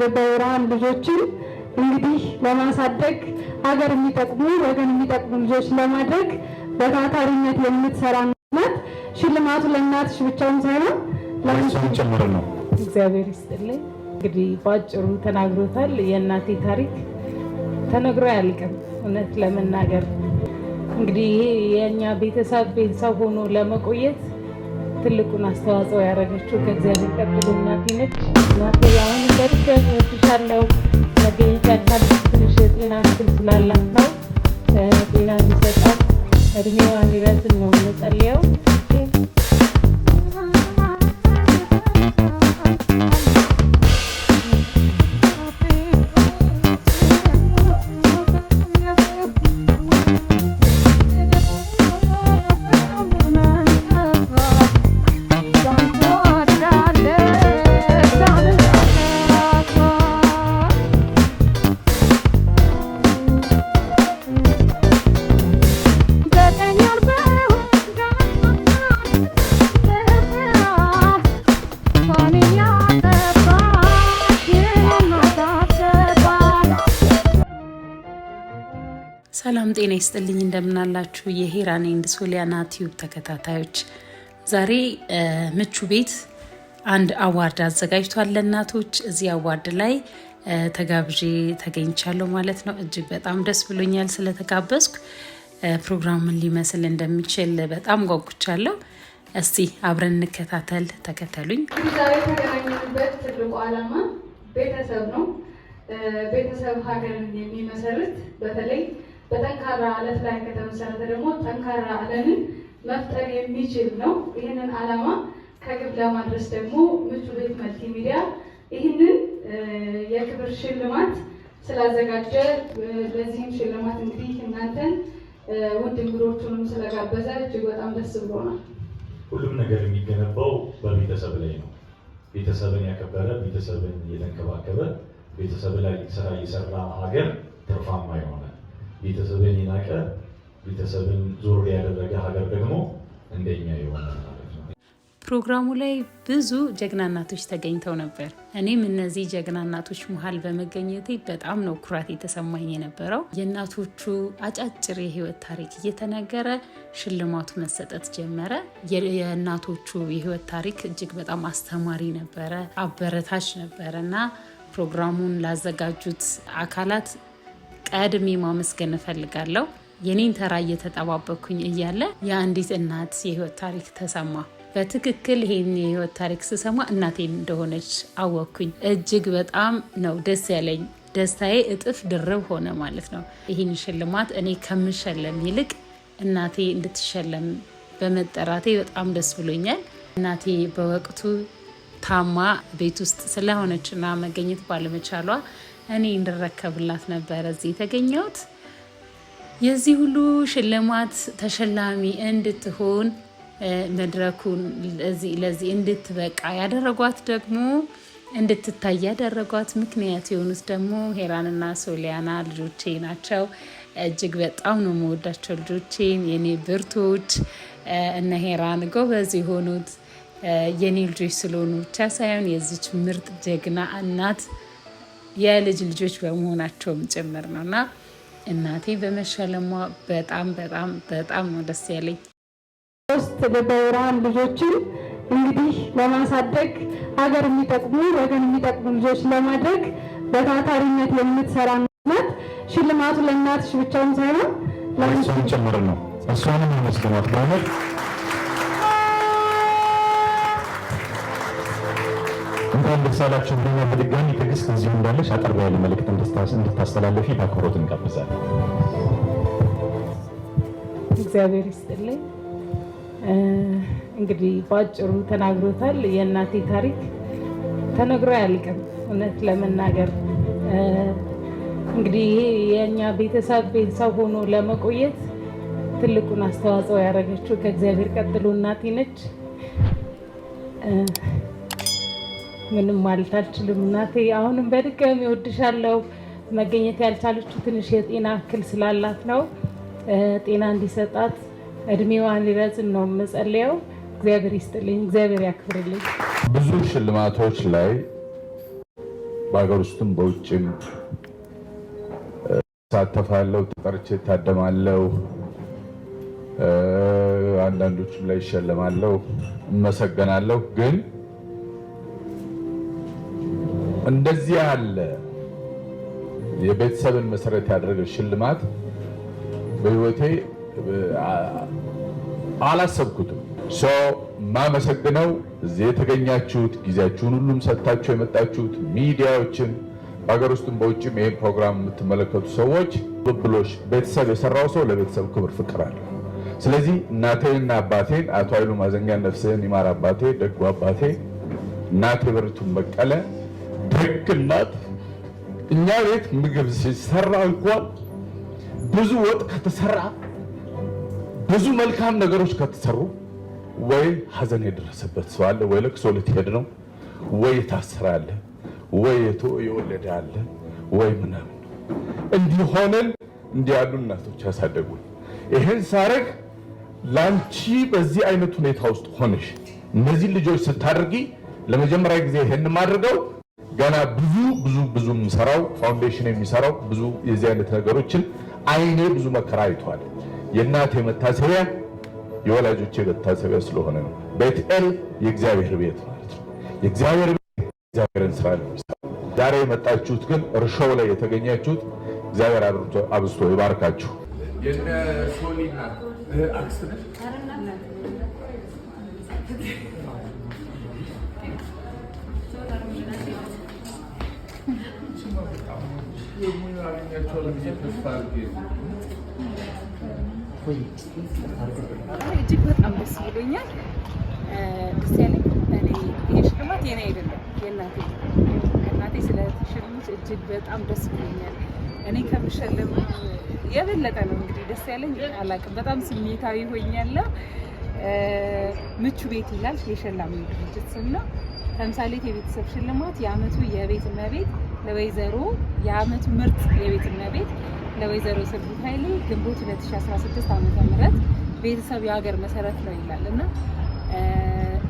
በብርሃን ልጆችን እንግዲህ ለማሳደግ ሀገር የሚጠቅሙ ወገን የሚጠቅሙ ልጆች ለማድረግ በታታሪነት የምትሰራ ናት። ሽልማቱ ለእናትሽ ብቻውን ሳይሆን ለአንቺም ጭምር ነው። እግዚአብሔር ይስጥልኝ። እንግዲህ በአጭሩ ተናግሮታል። የእናቴ ታሪክ ተነግሮ አያልቅም። እውነት ለመናገር እንግዲህ ይሄ የእኛ ቤተሰብ ቤተሰብ ሆኖ ለመቆየት ትልቁን አስተዋጽኦ ያደረገችው ከእግዚአብሔር ቀጥሎ እናቴ ነች። እናቴ አሁን በርከ ወድሻለሁ። መገኘት ትንሽ ጤና እክል ስላላት ነው። ጤና እንዲሰጣት እድሜዋ እንዲረዝም ነው የምንጸልየው። ሰላም ጤና ይስጥልኝ እንደምናላችሁ የሄራን ኤንድ ሶሊያና ቲዩብ ተከታታዮች፣ ዛሬ ምቹ ቤት አንድ አዋርድ አዘጋጅቷል ለእናቶች። እዚህ አዋርድ ላይ ተጋብዤ ተገኝቻለሁ ማለት ነው። እጅግ በጣም ደስ ብሎኛል ስለተጋበዝኩ። ፕሮግራሙን ሊመስል እንደሚችል በጣም ጓጉቻለሁ። እስቲ አብረን እንከታተል፣ ተከተሉኝ። ዛሬ የተገናኘንበት ትልቁ ዓላማ ቤተሰብ ነው። ቤተሰብ ሀገርን የሚመሰርት በተለይ በጠንካራ አለት ላይ ከተመሰረተ ደግሞ ጠንካራ አለምን መፍጠር የሚችል ነው። ይህንን ዓላማ ከግብ ለማድረስ ደግሞ ምቹ ቤት መልቲ ሚዲያ ይህንን የክብር ሽልማት ስላዘጋጀ በዚህም ሽልማት እንግዲህ እናንተን ውድ እንግዶቹንም ስለጋበዘ እጅግ በጣም ደስ ብሎናል። ሁሉም ነገር የሚገነባው በቤተሰብ ላይ ነው። ቤተሰብን ያከበረ፣ ቤተሰብን እየተንከባከበ፣ ቤተሰብ ላይ ስራ እየሰራ ሀገር ትርፋማ ይሆናል። ቤተሰብን የናቀ ቤተሰብን ዞር ያደረገ ሀገር ደግሞ እንደኛ የሆነ ፕሮግራሙ ላይ ብዙ ጀግና እናቶች ተገኝተው ነበር። እኔም እነዚህ ጀግና እናቶች መሀል በመገኘቴ በጣም ነው ኩራት የተሰማኝ የነበረው። የእናቶቹ አጫጭር የህይወት ታሪክ እየተነገረ ሽልማቱ መሰጠት ጀመረ። የእናቶቹ የህይወት ታሪክ እጅግ በጣም አስተማሪ ነበረ፣ አበረታች ነበረ እና ፕሮግራሙን ላዘጋጁት አካላት ቀድሜ ማመስገን እፈልጋለሁ። የኔን ተራ እየተጠባበኩኝ እያለ የአንዲት እናት የህይወት ታሪክ ተሰማ። በትክክል ይሄን የህይወት ታሪክ ስሰማ እናቴ እንደሆነች አወቅኩኝ። እጅግ በጣም ነው ደስ ያለኝ። ደስታዬ እጥፍ ድርብ ሆነ ማለት ነው። ይህን ሽልማት እኔ ከምሸለም ይልቅ እናቴ እንድትሸለም በመጠራቴ በጣም ደስ ብሎኛል። እናቴ በወቅቱ ታማ ቤት ውስጥ ስለሆነችና መገኘት ባለመቻሏ እኔ እንድረከብላት ነበረ እዚህ የተገኘሁት። የዚህ ሁሉ ሽልማት ተሸላሚ እንድትሆን መድረኩን ለዚህ እንድትበቃ ያደረጓት ደግሞ እንድትታይ ያደረጓት ምክንያት የሆኑት ደግሞ ሄራንና ሶሊያና ልጆቼ ናቸው። እጅግ በጣም ነው መወዳቸው ልጆቼን፣ የኔ ብርቶች እነ ሄራን ጎበዝ የሆኑት የኔ ልጆች ስለሆኑ ብቻ ሳይሆን የዚች ምርጥ ጀግና እናት የልጅ ልጆች በመሆናቸውም ጭምር ነው እና እናቴ በመሸለሟ በጣም በጣም በጣም ነው ደስ ያለኝ። ሶስት በውራን ልጆችን እንግዲህ ለማሳደግ ሀገር የሚጠቅሙ ወገን የሚጠቅሙ ልጆች ለማድረግ በታታሪነት የምትሰራ ናት። ሽልማቱ ለእናትሽ ብቻውን ሳይሆን ጭምር ነው። እሷንም አመስግኗት በእውነት እንኳን ደስ አላችሁ ብለናል። በድጋሚ ትዕግስት እዚሁ እንዳለች አጠር ያለ መልእክት እንድታስተላለፊ በአክብሮት እንጋብዛለን። እግዚአብሔር ይስጥልኝ። እንግዲህ በአጭሩ ተናግሮታል። የእናቴ ታሪክ ተነግሮ አያልቅም። እውነት ለመናገር እንግዲህ ይሄ የእኛ ቤተሰብ ቤተሰብ ሆኖ ለመቆየት ትልቁን አስተዋጽኦ ያደረገችው ከእግዚአብሔር ቀጥሎ እናቴ ነች። ምንም ማለት አልችልም እናቴ። አሁንም በድጋሚ እወድሻለሁ። መገኘት ያልቻለችው ትንሽ የጤና እክል ስላላት ነው። ጤና እንዲሰጣት እድሜዋን ሊረዝም ነው የምጸልየው። እግዚአብሔር ይስጥልኝ፣ እግዚአብሔር ያክብርልኝ። ብዙ ሽልማቶች ላይ በሀገር ውስጥም በውጭም ሳተፋለው፣ ተጠርቼ ታደማለው። አንዳንዶችም ላይ ይሸለማለው፣ እመሰገናለሁ ግን እንደዚህ ያለ የቤተሰብን መሰረት ያደረገ ሽልማት በህይወቴ አላሰብኩትም። ሰው ማመሰግነው እዚህ የተገኛችሁት ጊዜያችሁን ሁሉም ሰጥታችሁ የመጣችሁት ሚዲያዎችን፣ በሀገር ውስጥም በውጭም ይህን ፕሮግራም የምትመለከቱ ሰዎች ብብሎች ቤተሰብ የሰራው ሰው ለቤተሰብ ክብር ፍቅር አለ። ስለዚህ እናቴንና አባቴን አቶ ኃይሉ ማዘንጋ ነፍስህን ይማር አባቴ፣ ደጉ አባቴ እናቴ ብርቱን በቀለ ደግ እኛ ቤት ምግብ ሲሰራ እንኳን ብዙ ወጥ ከተሰራ ብዙ መልካም ነገሮች ከተሰሩ ወይ ሀዘን የደረሰበት ሰው አለ፣ ወይ ለቅሶ ልትሄድ ነው፣ ወይ የታሰረ አለ፣ ወይ የቶ የወለደ አለ፣ ወይ ምናምን እንዲሆንን እንዲህ ያሉ እናቶች ያሳደጉን። ይህን ሳረግ ላንቺ በዚህ አይነት ሁኔታ ውስጥ ሆነሽ እነዚህን ልጆች ስታደርጊ ለመጀመሪያ ጊዜ ይሄን ማድርገው ገና ብዙ ብዙ ብዙ የሚሰራው ፋውንዴሽን የሚሰራው ብዙ የዚህ አይነት ነገሮችን አይኔ ብዙ መከራ አይቷል። የእናቴ መታሰቢያ የወላጆች መታሰቢያ ስለሆነ ነው። ቤትኤል የእግዚአብሔር ቤት ማለት ነው። የእግዚአብሔር ቤት እግዚአብሔርን ስራ ነው። ዛሬ የመጣችሁት ግን እርሾው ላይ የተገኛችሁት እግዚአብሔር አብዝቶ ይባርካችሁ። የነ ሶኒና አክስት የሙያ አገኛቸዋለሁ እጅግ በጣም ደስ ብሎኛል። ደስ ያለኝ ይሄ ሽልማት የኔ አይደለም የእናቴ እናቴ ስለተሸለመች እጅግ በጣም ደስ ብሎኛል። እኔ የበለጠ ነው እንግዲህ ደስ ያለኝ አላውቅም። በጣም ስሜታዊ ሆኛለሁ። ምቹ ቤት ይላል የሸላሚ ድርጅት ስም ነው። ተምሳሌት የቤተሰብ ሽልማት የአመቱ የቤት እመቤት ለወይዘሮ የአመት ምርጥ የቤት እመቤት ለወይዘሮ ስንብት ኃይሌ ግንቦት 2016 ዓመተ ምህረት ቤተሰብ የሀገር መሰረት ነው ይላል እና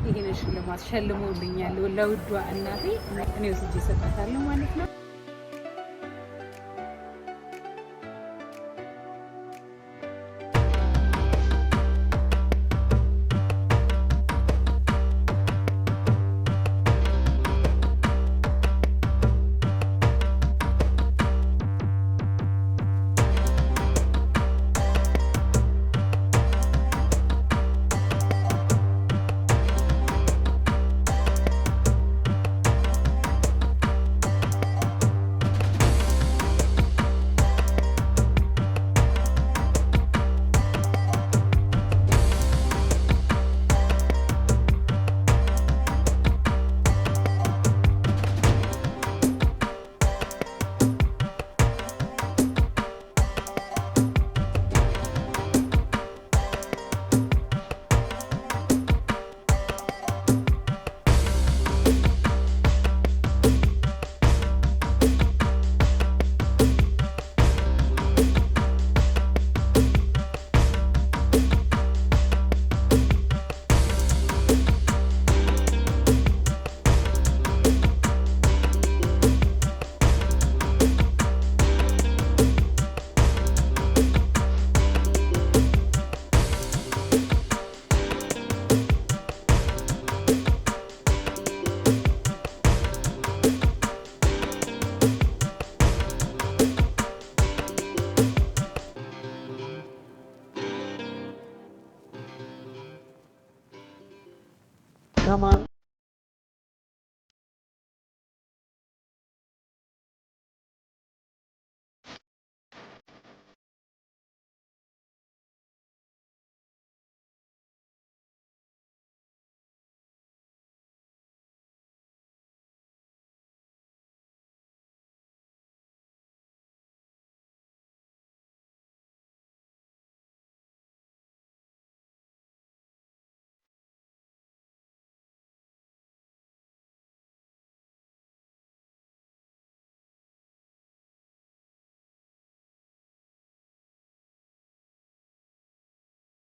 ይህንን ሽልማት ሸልሞልኛል ለውዷ እናቴ እኔ ወስጄ እሰጣታለሁ ማለት ነው።